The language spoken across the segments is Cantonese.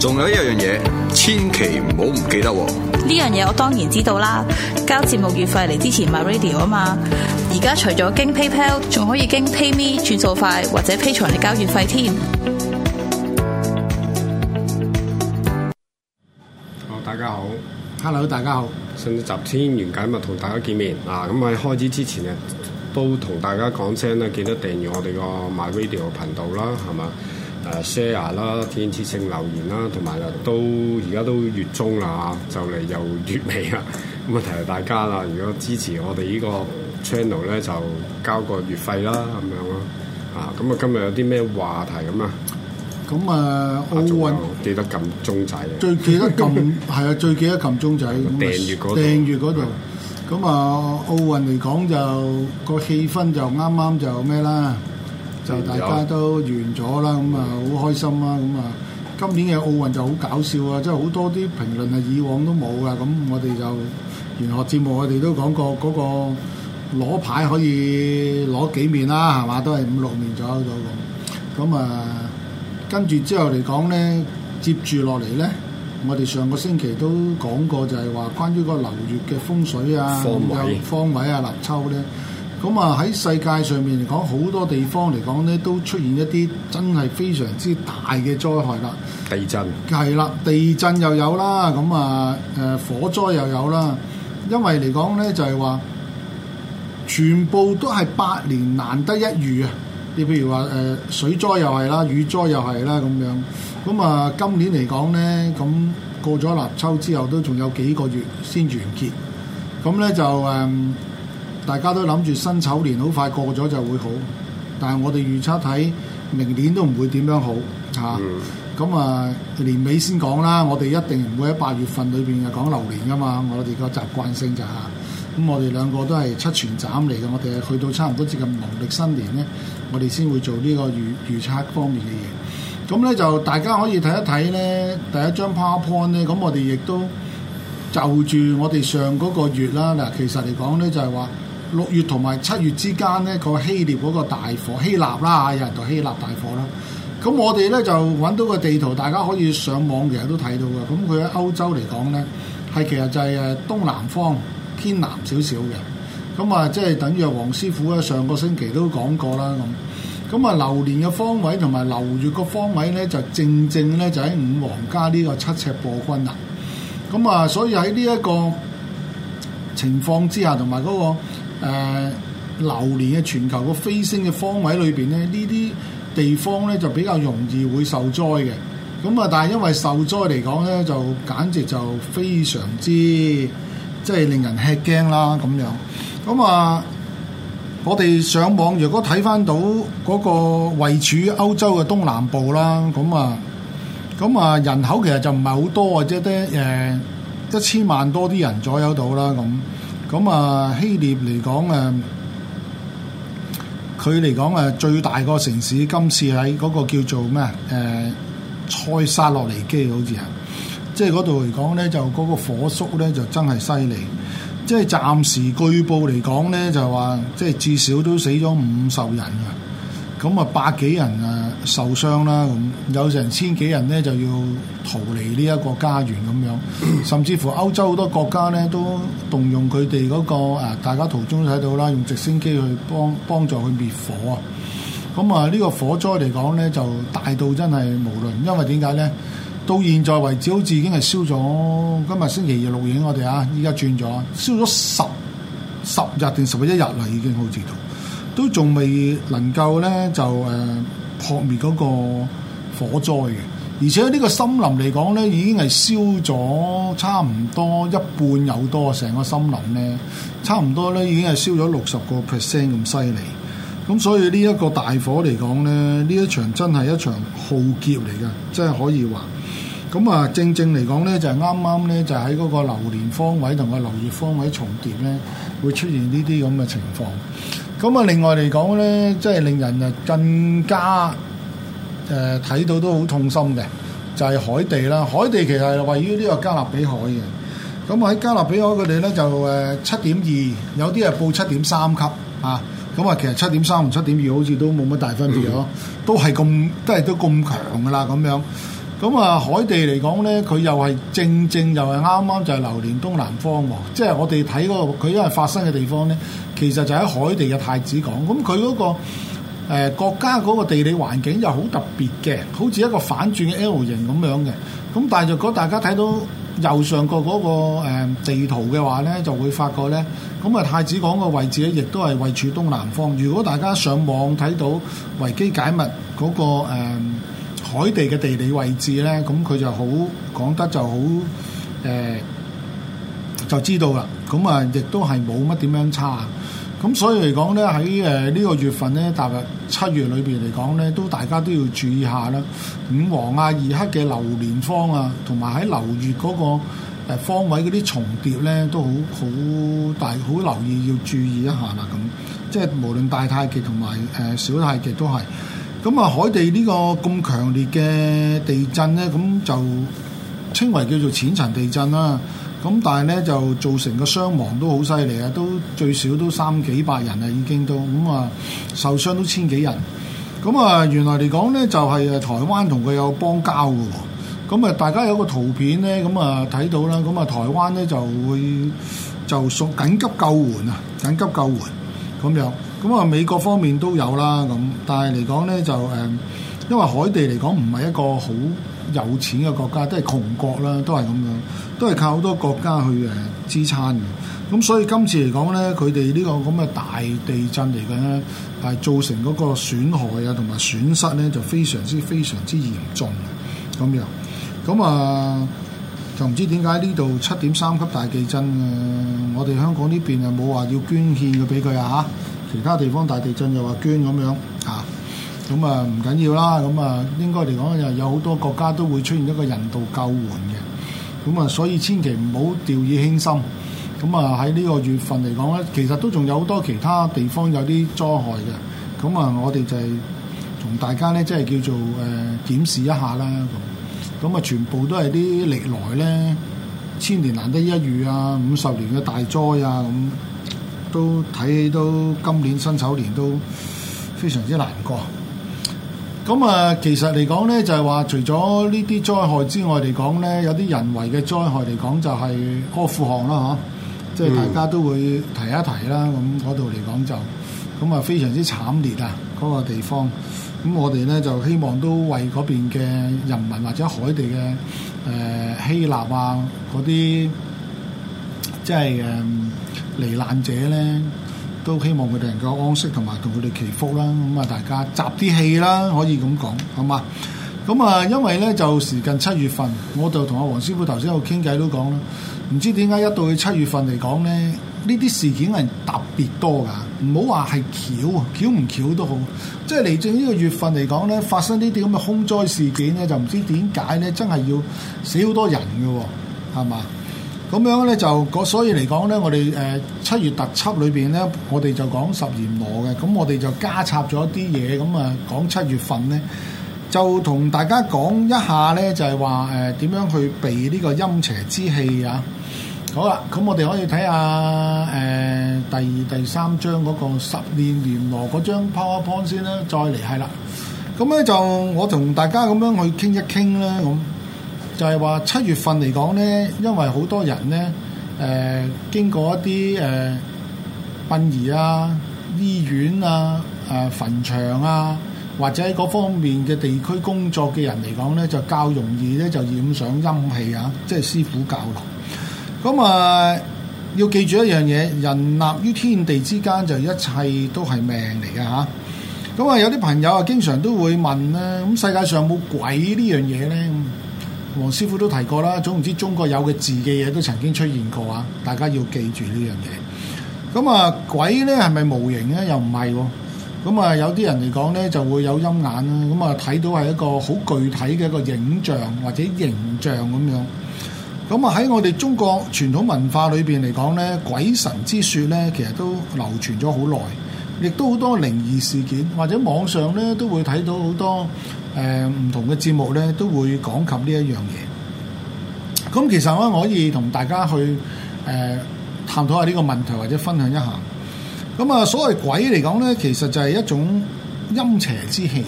仲有一樣嘢，千祈唔好唔記得喎！呢樣嘢我當然知道啦，交節目月費嚟之前買 radio 啊嘛。而家除咗經 PayPal，仲可以經 PayMe 轉數快或者 p a 批存嚟交月費添。好，大家好，Hello，大家好，新集千完解咪同大家見面嗱，咁、啊、喺、嗯、開始之前啊，都同大家講聲啦，記得訂住我哋個買 radio 嘅頻道啦，係嘛？誒 share 啦，建設性留言啦，同埋啊都而家都月中啦，就嚟又月尾啦。咁提提大家啦，如果支持我哋呢個 channel 咧，就交個月費啦，咁樣咯。啊，咁啊今日有啲咩話題咁啊？咁啊奧運記得撳鐘仔， 最記得撳係啊，最記得撳鐘仔。 訂閱嗰訂閱度。咁 啊奧運嚟講就、個氣氛就啱啱就咩啦？大家都完咗啦，咁啊好開心啦。咁、嗯、啊今年嘅奧運就好搞笑啊，即係好多啲評論啊，以往都冇啊。咁我哋就完學玄學節目，我哋都講過嗰、那個攞牌可以攞幾面啦，係嘛？都係五六面左右咁。咁、嗯、啊，跟、嗯、住之後嚟講呢，接住落嚟呢，我哋上個星期都講過，就係話關於個流月嘅風水啊方位，方位啊，立秋呢。咁啊喺世界上面嚟講，好多地方嚟講咧，都出現一啲真係非常之大嘅災害啦。地震係啦，地震又有啦，咁啊誒火災又有啦。因為嚟講咧，就係話全部都係百年難得一遇啊！你譬如話誒水災又係啦，雨災又係啦咁樣。咁啊今年嚟講咧，咁過咗立秋之後，都仲有幾個月先完結。咁咧就誒。呃大家都諗住辛丑年好快過咗就會好，但係我哋預測睇明年都唔會點樣好嚇。咁、mm. 啊年尾先講啦，我哋一定唔會喺八月份裏邊啊講流年㗎嘛，我哋個習慣性就嚇、是。咁、啊、我哋兩個都係七全斬嚟嘅，我哋去到差唔多接近農曆新年呢，我哋先會做呢個預預測方面嘅嘢。咁呢，就大家可以睇一睇呢第一張 PowerPoint 呢。咁我哋亦都就住我哋上嗰個月啦。嗱，其實嚟講呢，就係話。六月同埋七月之間呢個希臘嗰個大火，希臘啦，有人度希臘大火啦。咁我哋呢就揾到個地圖，大家可以上網其實都睇到嘅。咁佢喺歐洲嚟講呢，係其實就係誒東南方偏南少少嘅。咁啊，即係等於黃師傅咧，上個星期都講過啦。咁咁啊，流年嘅方位同埋流月嘅方位呢，就正正呢就喺五黃加呢個七赤破軍啊。咁啊，所以喺呢一個情況之下，同埋嗰個。誒、呃、流年嘅全球個飛星嘅方位裏邊咧，呢啲地方咧就比較容易會受災嘅。咁啊，但係因為受災嚟講咧，就簡直就非常之即係令人吃驚啦咁樣。咁啊，我哋上網如果睇翻到嗰個位處歐洲嘅東南部啦，咁啊，咁啊人口其實就唔係好多啊，即係得誒一千萬多啲人左右到啦咁。咁啊，希臘嚟講誒，佢嚟講誒最大個城市今次喺嗰個叫做咩啊？誒、呃、塞薩洛尼基好似係，即係嗰度嚟講咧，就嗰個火燭咧就真係犀利，即係暫時據報嚟講咧就話，即係至少都死咗五十人啊！咁啊，百幾人啊受傷啦，咁有成千幾人咧就要逃離呢一個家園咁樣，甚至乎歐洲好多國家咧都動用佢哋嗰個誒，大家途中都睇到啦，用直升機去幫幫助去滅火啊。咁啊，呢個火災嚟講咧就大到真係無論，因為點解咧？到現在為止好似已經係燒咗，今日星期二錄影我哋啊，依家轉咗，燒咗十十日定十一日啦，已經好似到。都仲未能夠呢，就誒、呃、撲滅嗰個火災嘅。而且呢個森林嚟講呢已經係燒咗差唔多一半有多，成個森林呢，差唔多呢已經係燒咗六十個 percent 咁犀利。咁所以呢一個大火嚟講呢呢一場真係一場浩劫嚟嘅，真係可以話。咁啊，正正嚟講呢就係啱啱呢，就喺、是、嗰、就是、個流年方位同個流月方位重疊呢，會出現呢啲咁嘅情況。咁啊，另外嚟講咧，即係令人啊更加誒睇、呃、到都好痛心嘅，就係、是、海地啦。海地其實係位於呢個加勒比海嘅。咁喺加勒比海佢哋咧就誒七點二，有啲係報七點三級啊。咁啊，其實七點三同七點二好似都冇乜大分別咯，都係咁，都係都咁強噶啦咁樣。咁啊，海地嚟講呢，佢又係正正又係啱啱就係流連東南方喎、啊。即係我哋睇嗰個，佢因為發生嘅地方呢，其實就喺海地嘅太子港。咁佢嗰個誒、呃、國家嗰個地理環境又好特別嘅，好似一個反轉嘅 L 型咁樣嘅。咁但係若果大家睇到右上角嗰、那個、呃、地圖嘅話呢，就會發覺呢，咁、呃、啊太子港嘅位置呢，亦都係位處東南方。如果大家上網睇到維基解密嗰、那個、呃海地嘅地理位置咧，咁佢就好講得就好，誒、呃、就知道啦。咁啊，亦都係冇乜點樣差。咁所以嚟講咧，喺誒呢個月份咧，踏入七月裏邊嚟講咧，都大家都要注意下啦。五黃啊，二黑嘅流年方啊，同埋喺流月嗰個誒方位嗰啲重疊咧，都好好大，好留意要注意一下啦。咁即係無論大太極同埋誒小太極都係。咁啊，海地呢個咁強烈嘅地震呢，咁就稱為叫做淺層地震啦。咁但係呢，就造成個傷亡都好犀利啊，都最少都三幾百人啊已經都，咁啊受傷都千幾人。咁啊原來嚟講呢，就係啊台灣同佢有邦交嘅喎。咁啊大家有個圖片呢，咁啊睇到啦。咁啊台灣呢，就會就屬緊急救援啊，緊急救援咁樣。咁啊，美國方面都有啦，咁但係嚟講咧就誒，因為海地嚟講唔係一個好有錢嘅國家，都係窮國啦，都係咁樣，都係靠好多國家去誒支撐嘅。咁所以今次嚟講咧，佢哋呢個咁嘅大地震嚟嘅，但係造成嗰個損害啊同埋損失咧就非常之非常之嚴重咁樣。咁啊，就唔知點解呢度七點三級大地震嘅，我哋香港呢邊有冇話要捐獻嘅俾佢啊嚇。其他地方大地震又話捐咁樣嚇，咁啊唔緊要啦，咁啊應該嚟講又有好多國家都會出現一個人道救援嘅，咁啊所以千祈唔好掉以輕心，咁啊喺呢個月份嚟講咧，其實都仲有好多其他地方有啲災害嘅，咁啊我哋就係同大家咧即係叫做誒、呃、檢視一下啦，咁咁啊全部都係啲歷來咧千年難得一遇啊，五十年嘅大災啊咁。啊都睇到今年辛丑年都非常之難過。咁啊，其實嚟講咧，就係、是、話除咗呢啲災害之外嚟講咧，有啲人為嘅災害嚟講，就係阿富汗啦，吓、啊，即係大家都會提一提啦。咁嗰度嚟講，就咁啊，非常之慘烈啊，嗰、那個地方。咁我哋咧就希望都為嗰邊嘅人民或者海地嘅誒、呃、希臘啊嗰啲，即係誒。呃罹難者咧，都希望佢哋能夠安息，同埋同佢哋祈福啦。咁啊，大家集啲氣啦，可以咁講，好嘛？咁啊，因為咧就時近七月份，我就同阿黃師傅頭先喺度傾偈都講啦。唔知點解一到去七月份嚟講咧，呢啲事件係特別多噶。唔好話係巧，啊，巧唔巧都好，即係嚟正呢個月份嚟講咧，發生呢啲咁嘅空災事件咧，就唔知點解咧，真係要死好多人嘅，係嘛？咁樣咧，就所以嚟講咧，我哋誒、呃、七月特輯裏邊咧，我哋就講十年螺嘅。咁我哋就加插咗一啲嘢，咁啊講七月份咧，就同大家講一下咧，就係話誒點樣去避呢個陰邪之氣啊！好啦，咁我哋可以睇下誒、呃、第二第三張嗰個十年年螺嗰張 PowerPoint 先啦，再嚟係啦。咁咧就我同大家咁樣去傾一傾啦，咁。就係話七月份嚟講咧，因為好多人咧，誒、呃、經過一啲誒、呃、殯儀啊、醫院啊、誒、呃、墳場啊，或者嗰方面嘅地區工作嘅人嚟講咧，就較容易咧就染上陰氣啊，即係師傅教落。咁、嗯、啊，要記住一樣嘢，人立於天地之間，就一切都係命嚟嘅嚇。咁啊，嗯、有啲朋友啊，經常都會問咧，咁、啊、世界上冇鬼呢樣嘢咧？黃師傅都提過啦，總唔知中國有嘅字嘅嘢都曾經出現過啊！大家要記住呢樣嘢。咁啊，鬼呢係咪無形呢？又唔係喎。咁啊，有啲人嚟講呢，就會有陰眼啦。咁啊，睇到係一個好具體嘅一個影像或者形象咁樣。咁啊，喺我哋中國傳統文化裏邊嚟講呢，鬼神之説呢，其實都流傳咗好耐，亦都好多靈異事件，或者網上呢都會睇到好多。誒唔、呃、同嘅節目咧，都會講及呢一樣嘢。咁、嗯、其實我可以同大家去誒、呃、探討下呢個問題，或者分享一下。咁、嗯、啊，所謂鬼嚟講咧，其實就係一種陰邪之氣。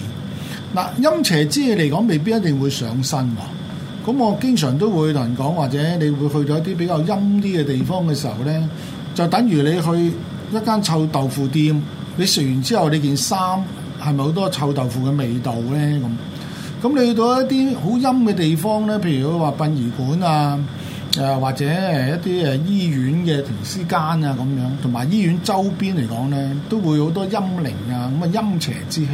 嗱、呃，陰邪之氣嚟講，未必一定會上身㗎。咁、啊嗯、我經常都會同人講，或者你會去到一啲比較陰啲嘅地方嘅時候咧，就等於你去一間臭豆腐店，你食完之後，你件衫。係咪好多臭豆腐嘅味道咧？咁咁你去到一啲好陰嘅地方咧，譬如話殯儀館啊，誒、呃、或者一啲誒醫院嘅停屍間啊咁樣，同埋醫院周邊嚟講咧，都會好多陰靈啊咁啊，陰邪之氣。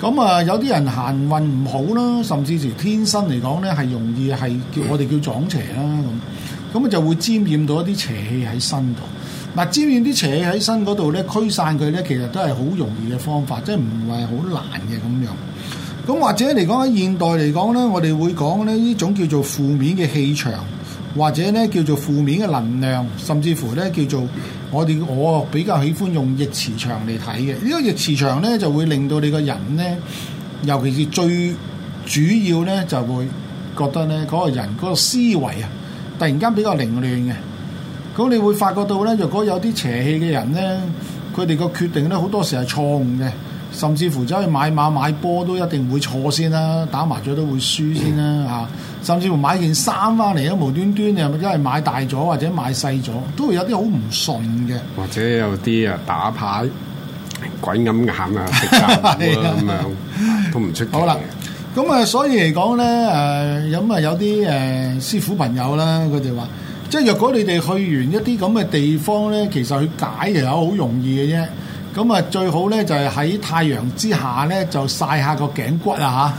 咁啊有啲人行運唔好啦，甚至乎天生嚟講咧係容易係叫我哋叫撞邪啦、啊、咁，咁啊就會沾染到一啲邪氣喺身度。嗱，沾染啲邪喺身嗰度咧，驅散佢咧，其實都係好容易嘅方法，即係唔係好難嘅咁樣。咁或者嚟講喺現代嚟講咧，我哋會講咧呢種叫做負面嘅氣場，或者咧叫做負面嘅能量，甚至乎咧叫做我哋我比較喜歡用逆磁場嚟睇嘅。呢個逆磁場咧就會令到你個人咧，尤其是最主要咧就會覺得咧嗰個人嗰個思維啊，突然間比較凌亂嘅。咁你會發覺到咧，若果有啲邪氣嘅人咧，佢哋個決定咧好多時係錯誤嘅，甚至乎走去買馬買波都一定會錯先啦、啊，打麻雀都會輸先啦、啊、嚇、嗯啊，甚至乎買件衫翻嚟都無端端又因為買大咗或者買細咗，都會有啲好唔順嘅，或者有啲啊打牌鬼咁眼啊，咁、啊 啊、樣都唔出奇。好啦，咁啊，所以嚟講咧，誒咁啊，有啲誒、呃、師傅朋友啦，佢哋話。即係若果你哋去完一啲咁嘅地方咧，其實去解又有好容易嘅啫。咁啊，最好咧就係喺太陽之下咧，就曬下個頸骨啊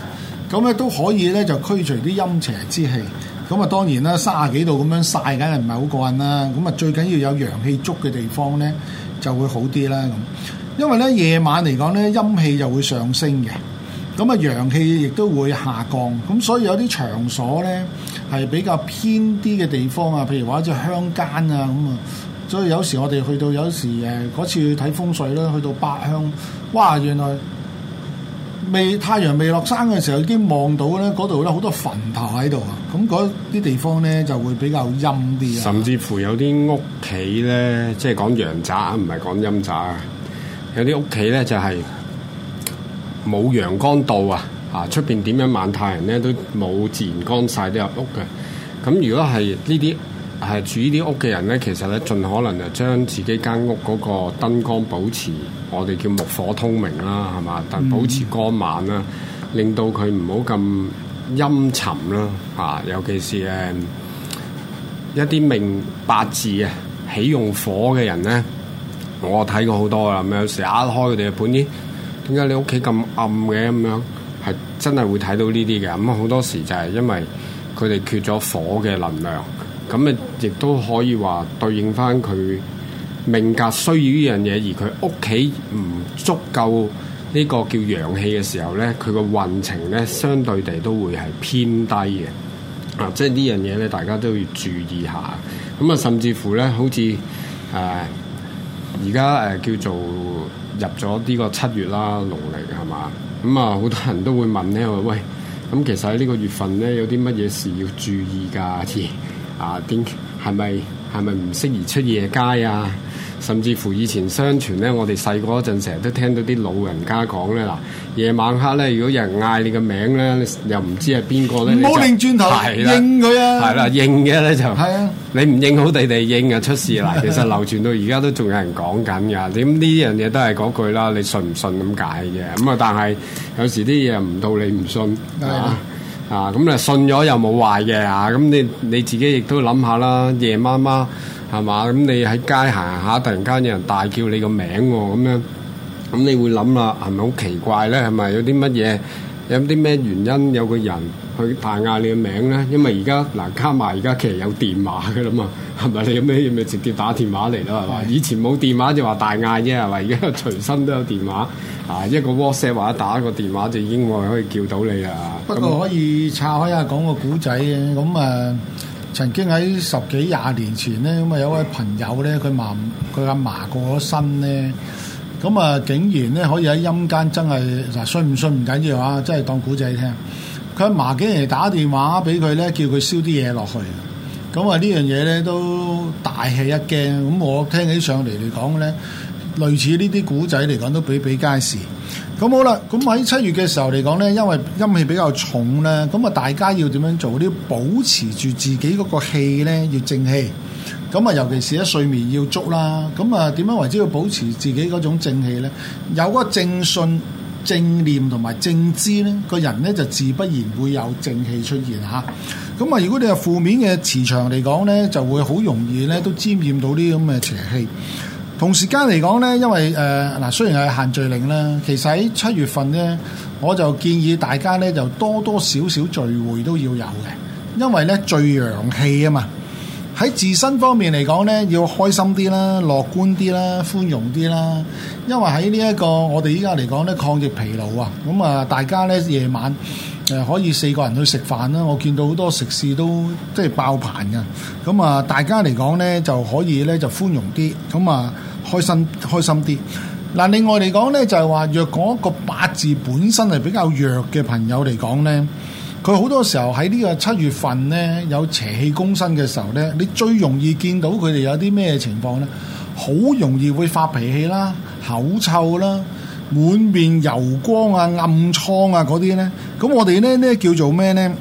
嚇。咁咧都可以咧就驅除啲陰邪之氣。咁啊，當然啦，三十幾度咁樣曬梗係唔係好過癮啦。咁啊，最緊要有陽氣足嘅地方咧，就會好啲啦。咁因為咧夜晚嚟講咧，陰氣就會上升嘅。咁啊，陽氣亦都會下降。咁所以有啲場所咧，係比較偏啲嘅地方啊，譬如話一隻鄉間啊咁啊，所以有時我哋去到有時誒嗰次去睇風水咧，去到八鄉，哇原來未太陽未落山嘅時候已經望到咧，嗰度咧好多墳頭喺度啊，咁嗰啲地方咧就會比較陰啲啊。甚至乎有啲屋企咧，即係講陽宅啊，唔係講陰宅啊，有啲屋企咧就係、是、冇陽光度啊。啊！出面點樣晚太陽咧，都冇自然光晒啲入屋嘅。咁如果係呢啲係住呢啲屋嘅人咧，其實咧盡可能就將自己間屋嗰個燈光保持，我哋叫木火通明啦，係嘛？但保持光猛啦，令到佢唔好咁陰沉啦。啊，尤其是誒、呃、一啲命八字啊，喜用火嘅人咧，我睇過好多啦，咪、嗯、有時一開佢哋嘅盤呢？點解你屋企咁暗嘅咁樣？係真係會睇到呢啲嘅，咁好多時就係因為佢哋缺咗火嘅能量，咁啊亦都可以話對應翻佢命格需要呢樣嘢，而佢屋企唔足夠呢個叫陽氣嘅時候咧，佢個運程咧相對地都會係偏低嘅，啊，即係呢樣嘢咧，大家都要注意下。咁啊，甚至乎咧，好似誒而家誒叫做入咗呢個七月啦，農曆係嘛。咁啊，好多人都會問呢。我話喂，咁其實喺呢個月份呢，有啲乜嘢事要注意㗎？而啊，點係咪係咪唔適宜出夜街啊？甚至乎以前相傳咧，我哋細個嗰陣成日都聽到啲老人家講咧，嗱，夜晚黑咧，如果有人嗌你嘅名咧，又唔知係邊個咧，就冇擰轉頭應佢啊，係啦，應嘅咧就，係啊，認是的 你唔應好地地應啊，出事啦。其實流傳到而家都仲有人講緊噶，點呢樣嘢都係嗰句啦，你信唔信咁解嘅？咁的啊，但係有時啲嘢唔到你唔信啊，啊咁啊信咗又冇壞嘅啊，咁你你自己亦都諗下啦，夜媽媽。係嘛？咁你喺街行下，突然間有人大叫你個名喎，哦，咁樣咁你會諗啦，係咪好奇怪咧？係咪有啲乜嘢有啲咩原因有個人去大嗌你個名咧？因為而家嗱卡埋而家其實有電話嘅啦嘛，係咪？你有咩嘢咪直接打電話嚟啦？係咪是？以前冇電話就話大嗌啫，係咪？而家隨身都有電話，啊一個 WhatsApp 或者打一個電話就已經可以叫到你啦。不過那可以拆開下講個古仔嘅咁誒。曾經喺十幾廿年前咧，咁啊有位朋友咧，佢嫲佢阿嫲過咗身咧，咁啊竟然咧可以喺陰間真係嗱信唔信唔緊要啊，真係當古仔聽。佢阿嫲竟然打電話俾佢咧，叫佢燒啲嘢落去。咁啊呢樣嘢咧都大吃一驚。咁我聽起上嚟嚟講咧，類似呢啲古仔嚟講都比比皆是。咁好啦，咁喺七月嘅時候嚟講呢，因為陰氣比較重呢，咁啊大家要點樣做？啲保持住自己嗰個氣呢，要正氣。咁啊，尤其係呢睡眠要足啦。咁啊，點樣為之要保持自己嗰種正氣呢？有嗰個正信、正念同埋正知呢，個人呢就自不然會有正氣出現嚇。咁啊，如果你係負面嘅磁場嚟講呢，就會好容易呢都沾染到啲咁嘅邪氣。同時間嚟講呢，因為誒嗱、呃，雖然係限聚令咧，其實喺七月份呢，我就建議大家呢，就多多少少聚會都要有嘅，因為呢最陽氣啊嘛。喺自身方面嚟講呢，要開心啲啦，樂觀啲啦，寬容啲啦。因為喺呢一個我哋依家嚟講呢，抗疫疲勞啊，咁啊，大家呢，夜晚誒、呃、可以四個人去食飯啦。我見到好多食肆都即係爆棚嘅，咁啊，大家嚟講呢，就可以呢，就寬容啲，咁啊。開心開心啲。嗱，另外嚟講呢，就係話，若果一個八字本身係比較弱嘅朋友嚟講呢，佢好多時候喺呢個七月份呢，有邪氣攻身嘅時候呢，你最容易見到佢哋有啲咩情況呢？好容易會發脾氣啦、口臭啦、滿面油光啊、暗瘡啊嗰啲呢。咁我哋呢呢叫做咩呢？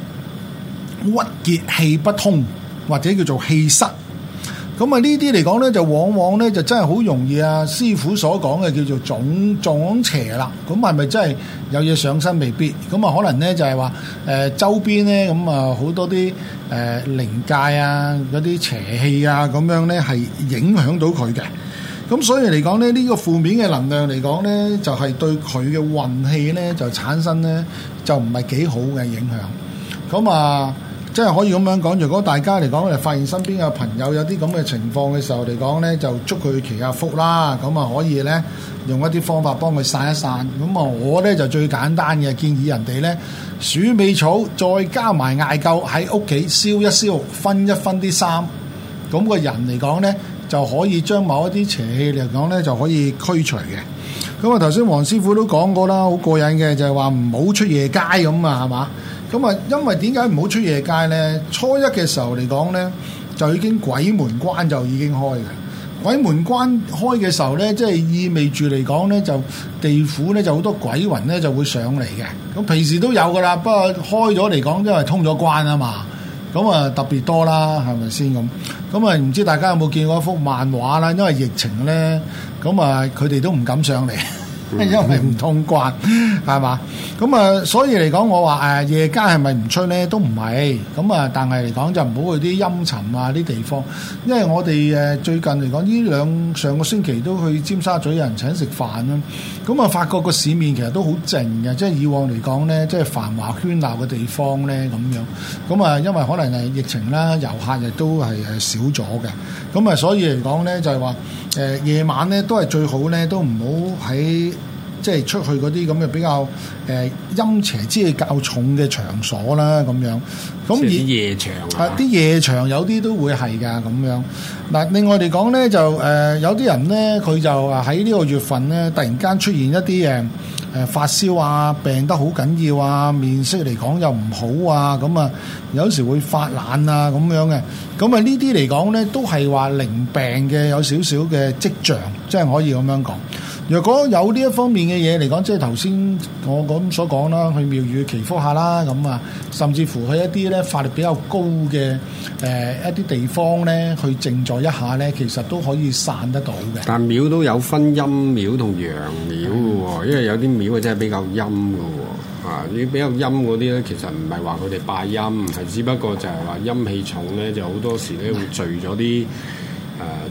鬱結氣不通，或者叫做氣塞。咁啊，呢啲嚟講咧，就往往咧，就真係好容易啊！師傅所講嘅叫做撞撞邪啦，咁係咪真係有嘢上身未必？咁啊，可能咧就係話誒周邊咧，咁啊好多啲誒靈界啊嗰啲邪氣啊咁樣咧，係影響到佢嘅。咁所以嚟講咧，呢個負面嘅能量嚟講咧，就係對佢嘅運氣咧，就產生咧就唔係幾好嘅影響。咁啊～即係可以咁樣講，如果大家嚟講嚟發現身邊嘅朋友有啲咁嘅情況嘅時候嚟講呢就祝佢祈下福啦，咁啊可以呢，用一啲方法幫佢散一散。咁啊，我呢，就最簡單嘅建議人哋呢，鼠尾草再加埋艾灸喺屋企燒一燒，分一分啲衫。咁個人嚟講呢，就可以將某一啲邪氣嚟講呢，就可以驅除嘅。咁啊，頭先黃師傅都講過啦，好過癮嘅就係話唔好出夜街咁啊，係嘛？咁啊，因為點解唔好出夜街呢？初一嘅時候嚟講呢，就已經鬼門關就已經開嘅。鬼門關開嘅時候呢，即係意味住嚟講呢，就地府呢，就好多鬼魂呢，就會上嚟嘅。咁平時都有㗎啦，不過開咗嚟講，因為通咗關啊嘛，咁啊特別多啦，係咪先咁？咁啊唔知大家有冇見過一幅漫畫啦？因為疫情呢，咁啊佢哋都唔敢上嚟。因為唔通關係嘛，咁啊，所以嚟講，我話誒夜間係咪唔出呢？都唔係，咁啊，但係嚟講就唔好去啲陰沉啊啲地方，因為我哋誒最近嚟講，呢兩上個星期都去尖沙咀有人請食飯啦，咁啊，發覺個市面其實都好靜嘅，即係以往嚟講呢，即係繁華喧鬧嘅地方呢。咁樣，咁啊，因為可能係疫情啦，遊客亦都係少咗嘅，咁啊，所以嚟講呢，就係話誒夜晚呢，都係最好呢，都唔好喺。即係出去嗰啲咁嘅比較誒、呃、陰邪之氣較重嘅場所啦，咁樣。咁而夜場啊、呃，啲夜場有啲都會係噶咁樣。嗱，另外嚟講咧，就誒、呃、有啲人咧，佢就啊喺呢個月份咧，突然間出現一啲誒誒發燒啊、病得好緊要啊、面色嚟講又唔好啊，咁啊有時會發冷啊咁樣嘅。咁啊呢啲嚟講咧，都係話靈病嘅有少少嘅跡象，即係可以咁樣講。若果有呢一方面嘅嘢嚟講，即係頭先我咁所講啦，去廟宇祈福下啦，咁啊，甚至乎去一啲咧法力比較高嘅誒、呃、一啲地方咧，去靜坐一下咧，其實都可以散得到嘅。但廟都有分陰廟同陽廟嘅喎，嗯、因為有啲廟啊真係比較陰嘅喎，啊，啲比較陰嗰啲咧，其實唔係話佢哋拜陰，係只不過就係話陰氣重咧，就好多時咧會聚咗啲。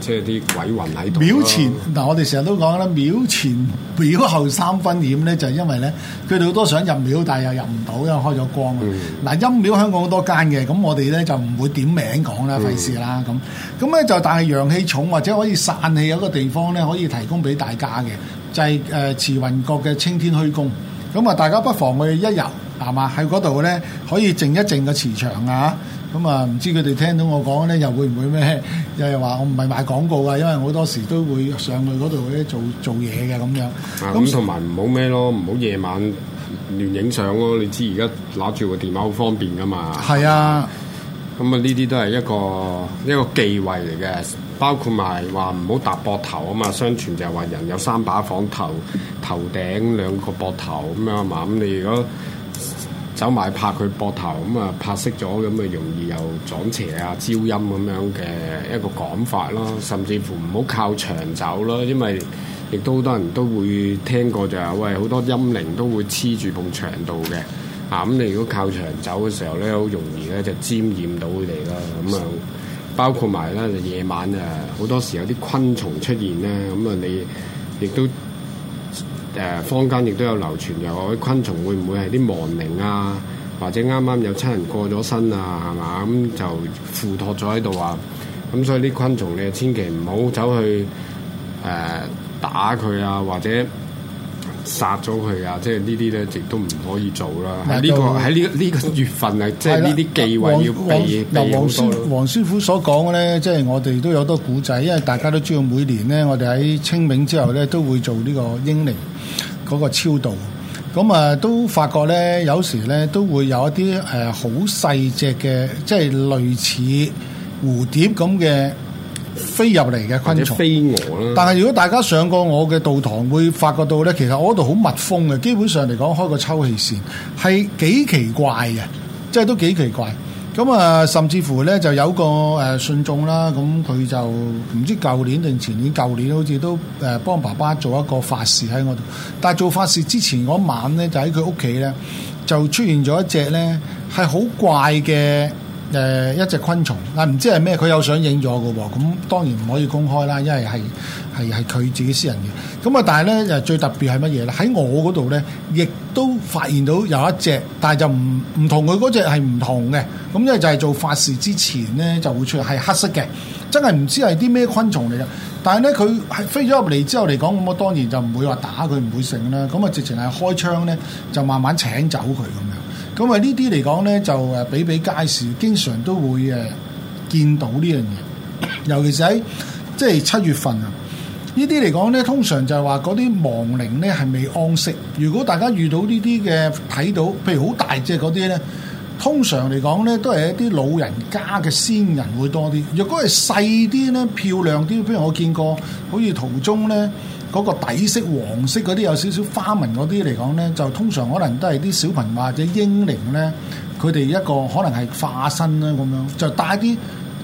誒，即係啲鬼魂喺度啦。廟前嗱、啊，我哋成日都講啦，廟前廟後三分險咧，就係、是、因為咧，佢哋好多想入廟，但係又入唔到，因為開咗光嗱，陰廟、嗯啊、香港好多間嘅，咁我哋咧就唔會點名講啦，費事啦咁。咁咧、嗯啊、就但係陽氣重或者可以散氣有一個地方咧，可以提供俾大家嘅，就係、是、誒、呃、慈雲閣嘅青天虛宮。咁啊，大家不妨去一遊，係嘛，喺嗰度咧可以靜一靜個磁場啊。啊咁啊，唔、嗯、知佢哋聽到我講咧，又會唔會咩？又係話我唔係賣廣告啊，因為我好多時都會上去嗰度咧做做嘢嘅咁樣。咁同埋唔好咩咯，唔好、嗯嗯、夜晚亂影相咯。你知而家拿住個電話好方便噶嘛？係啊。咁啊、嗯，呢、嗯、啲、嗯、都係一個一個忌諱嚟嘅。包括埋話唔好搭膊頭啊嘛。相傳就係話人有三把房頭，頭頂兩個膊頭咁樣啊嘛。咁、嗯嗯、你如果～走埋拍佢膊頭，咁啊拍熄咗，咁啊容易又撞邪啊、招陰咁樣嘅一個講法咯。甚至乎唔好靠牆走啦，因為亦都好多人都會聽過就係，喂好多陰靈都會黐住埲牆度嘅。啊，咁你如果靠牆走嘅時候咧，好容易咧就沾染到佢哋啦。咁啊，包括埋咧夜晚啊，好多時有啲昆蟲出現咧，咁啊你亦都。誒坊間亦都有流傳，就話啲昆蟲會唔會係啲亡靈啊，或者啱啱有親人過咗身啊，係嘛？咁、嗯、就附託咗喺度啊。咁、嗯、所以啲昆蟲你千祈唔好走去誒、呃、打佢啊，或者。殺咗佢啊！即係呢啲咧，亦都唔可以做啦。喺呢就、這個喺呢呢個月份啊，即係呢啲忌諱要避避好多。黃師，黃師傅所講嘅咧，即、就、係、是、我哋都有好多古仔，因為大家都知道每年咧，我哋喺清明之後咧都會做呢個英靈嗰個超度。咁啊，都發覺咧，有時咧都會有一啲誒好細隻嘅，即、就、係、是、類似蝴蝶咁嘅。飛入嚟嘅昆蟲，或者飛蛾啦。但係如果大家上過我嘅道堂，會發覺到咧，其實我度好密封嘅，基本上嚟講開個抽氣扇係幾奇怪嘅，即係都幾奇怪。咁啊，甚至乎咧就有個誒信眾啦，咁佢就唔知舊年定前年，舊年好似都誒幫爸爸做一個法事喺我度。但係做法事之前嗰晚咧，就喺佢屋企咧，就出現咗一隻咧係好怪嘅。誒、呃、一隻昆蟲，嗱，唔知係咩，佢有上影咗嘅喎，咁、嗯、當然唔可以公開啦，因為係係係佢自己私人嘅。咁、嗯、啊，但係咧誒最特別係乜嘢咧？喺我嗰度咧，亦都發現到有一隻，但係就唔唔同佢嗰隻係唔同嘅。咁、嗯、因為就係做法事之前咧就會出嚟，係黑色嘅，真係唔知係啲咩昆蟲嚟嘅。但係咧佢係飛咗入嚟之後嚟講，咁、嗯、我當然就唔會話打佢，唔會剩啦。咁、嗯、啊、嗯，直情係開槍咧，就慢慢請走佢咁。嗯咁啊！呢啲嚟講呢，就誒比比皆是，經常都會誒見到呢樣嘢。尤其是喺即係七月份啊，呢啲嚟講呢，通常就係話嗰啲亡靈呢係未安息。如果大家遇到呢啲嘅睇到，譬如好大隻嗰啲呢，通常嚟講呢都係一啲老人家嘅先人會多啲。若果係細啲呢，漂亮啲，譬如我見過，好似途中呢。嗰個底色黃色嗰啲有少少花紋嗰啲嚟講呢，就通常可能都係啲小朋友或者嬰靈呢。佢哋一個可能係化身啦咁樣，就帶啲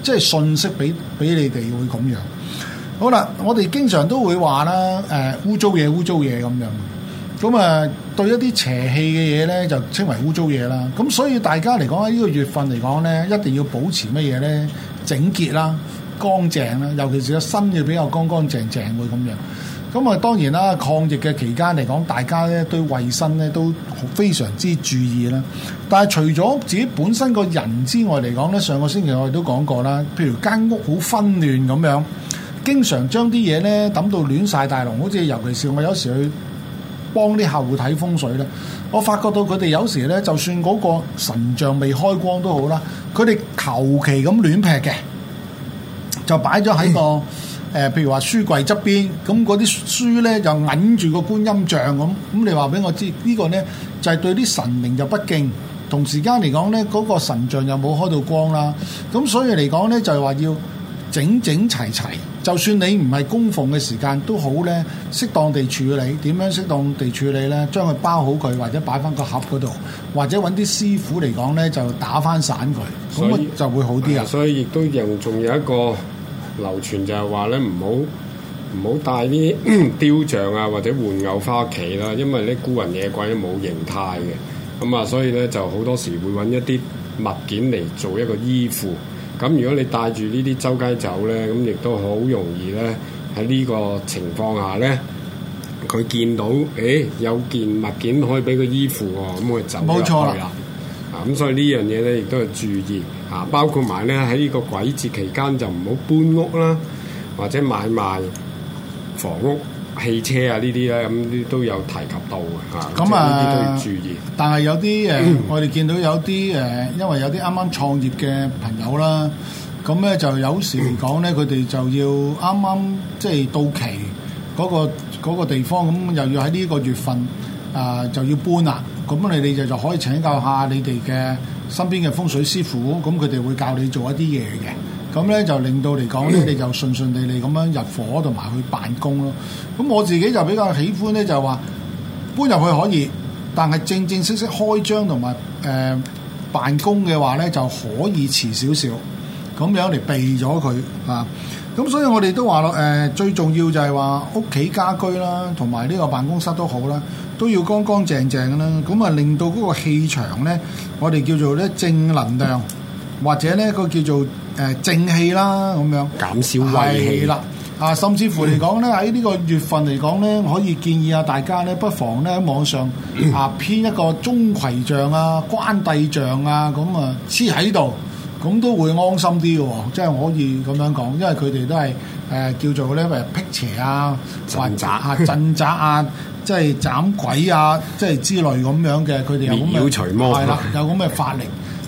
即係信息俾俾你哋會咁樣。好啦，我哋經常都會話啦，誒污糟嘢、污糟嘢咁樣。咁啊，對一啲邪氣嘅嘢呢，就稱為污糟嘢啦。咁所以大家嚟講喺呢個月份嚟講呢，一定要保持乜嘢呢？整潔啦、乾淨啦，尤其是個身要比較乾乾淨淨會咁樣。咁啊，當然啦！抗疫嘅期間嚟講，大家咧對衞生咧都非常之注意啦。但係除咗自己本身個人之外嚟講咧，上個星期我哋都講過啦。譬如間屋好紛亂咁樣，經常將啲嘢咧抌到亂晒大龍，好似尤其是我有時去幫啲客戶睇風水咧，我發覺到佢哋有時咧，就算嗰個神像未開光都好啦，佢哋求其咁亂劈嘅，就擺咗喺個。嗯誒、呃，譬如話書櫃側邊，咁嗰啲書咧就揞住個觀音像咁，咁你話俾我知、這個、呢個咧就係、是、對啲神明就不敬，同時間嚟講咧嗰個神像又冇開到光啦，咁所以嚟講咧就係、是、話要整整齊齊,齊，就算你唔係供奉嘅時間都好咧，適當地處理，點樣適當地處理咧？將佢包好佢，或者擺翻個盒嗰度，或者揾啲師傅嚟講咧就打翻散佢，咁啊以就,就會好啲啊。所以亦都又仲有一個。流傳就係話咧，唔好唔好帶啲咪雕像啊，或者玩偶返屋企啦，因為啲孤魂野鬼都冇形態嘅，咁啊，所以咧就好多時會揾一啲物件嚟做一個依附。咁如果你帶住呢啲周街走咧，咁亦都好容易咧喺呢個情況下咧，佢見到誒、欸、有件物件可以俾佢依附喎，咁佢就走，冇錯啦。咁、啊、所以呢樣嘢咧，亦都係注意嚇、啊，包括埋咧喺呢個鬼節期間就唔好搬屋啦，或者買賣房屋、汽車啊呢啲咧，咁、嗯、啲都有提及到嘅嚇。咁啊，嗯、都要注意。啊、但係有啲誒、呃，我哋見到有啲誒、呃，因為有啲啱啱創業嘅朋友啦，咁咧就有時嚟講咧，佢哋、嗯、就要啱啱即係到期嗰、嗰個嗰、嗰個嗰個地方，咁又要喺呢個月份。啊、呃，就要搬啦，咁你哋就就可以請教下你哋嘅身邊嘅風水師傅，咁佢哋會教你做一啲嘢嘅，咁咧就令到嚟講咧，你就順順利利咁樣入伙同埋去辦公咯。咁我自己就比較喜歡咧，就係話搬入去可以，但係正正式式開張同埋誒辦公嘅話咧，就可以遲少少。咁樣嚟避咗佢啊！咁所以我哋都話咯，誒、呃、最重要就係話屋企家居啦，同埋呢個辦公室都好啦，都要乾乾淨淨啦。咁啊，令到嗰個氣場咧，我哋叫做咧正能量，嗯、或者咧個叫做誒、呃、正氣啦，咁樣減少消穢氣啦。啊，甚至乎嚟講咧，喺呢個月份嚟講咧，可以建議啊大家咧，不妨咧喺網上啊編、嗯啊、一個鍾馗像啊、關帝像啊，咁啊黐喺度。咁都會安心啲嘅喎，即係可以咁樣講，因為佢哋都係誒、呃、叫做咧，誒辟邪啊、鎮宅啊、鎮宅啊，即係斬鬼啊，即係之類咁樣嘅，佢哋有咁嘅除魔係啦，有咁嘅法力。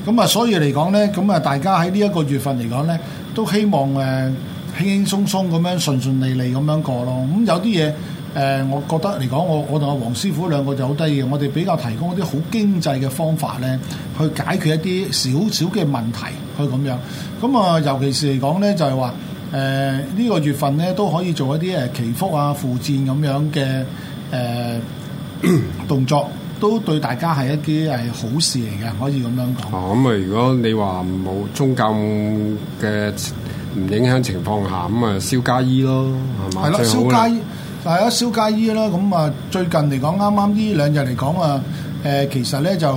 咁啊，所以嚟講咧，咁啊，大家喺呢一個月份嚟講咧，都希望誒輕輕鬆鬆咁樣順順利利咁樣過咯。咁有啲嘢。誒，我覺得嚟講，我我同阿黃師傅兩個就好低嘅，我哋比較提供一啲好經濟嘅方法咧，去解決一啲少少嘅問題，去咁樣。咁啊，尤其是嚟講咧，就係話誒呢個月份咧都可以做一啲誒祈福啊、附薦咁樣嘅誒、呃、咳咳 動作，都對大家係一啲係好事嚟嘅，可以咁樣講。咁啊、嗯，如果你話冇宗教嘅唔影響情況下，咁啊燒街衣咯，係咪？係咯，燒街衣。嗱，有少家姨啦，咁啊，最近嚟講，啱啱呢兩日嚟講啊，誒，其實咧就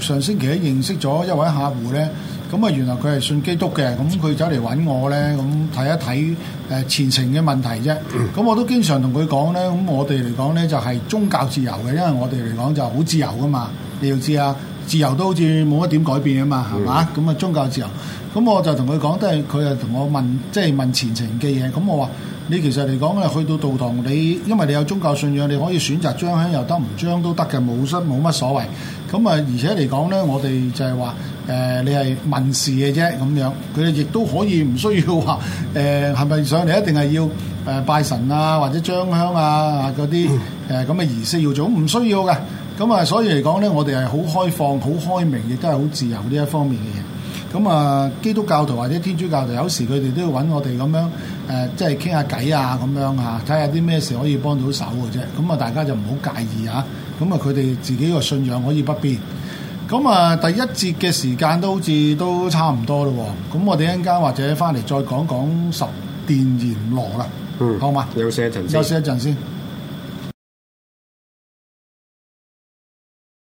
上星期咧認識咗一位客戶咧，咁啊，原來佢係信基督嘅，咁佢走嚟揾我咧，咁睇一睇誒前程嘅問題啫。咁、嗯、我都經常同佢講咧，咁我哋嚟講咧就係宗教自由嘅，因為我哋嚟講就好自由噶嘛，你要知啊，自由都好似冇乜點改變啊嘛，係嘛？咁啊、嗯、宗教自由，咁我就同佢講，都係佢啊同我問，即係問前程嘅嘢，咁我話。你其實嚟講咧，去到道堂，你因為你有宗教信仰，你可以選擇張香又得，唔張都得嘅，冇失冇乜所謂。咁啊，而且嚟講咧，我哋就係話誒，你係問事嘅啫咁樣，佢哋亦都可以唔需要話誒，係咪上嚟一定係要誒拜神啊，或者張香啊嗰啲誒咁嘅儀式要做，唔需要嘅。咁啊，所以嚟講咧，我哋係好開放、好開明，亦都係好自由呢一方面嘅嘢。咁啊，基督教徒或者天主教徒有時佢哋都要揾我哋咁樣，誒、呃，即係傾下偈啊，咁樣嚇，睇下啲咩事可以幫到手嘅啫。咁啊，大家就唔好介意啊。咁啊，佢哋自己個信仰可以不變。咁啊，第一節嘅時間都好似都差唔多咯，哦。咁我哋一陣間或者翻嚟再講講十殿閻羅啦。嗯，好嘛吧，休息一陣休息一陣先。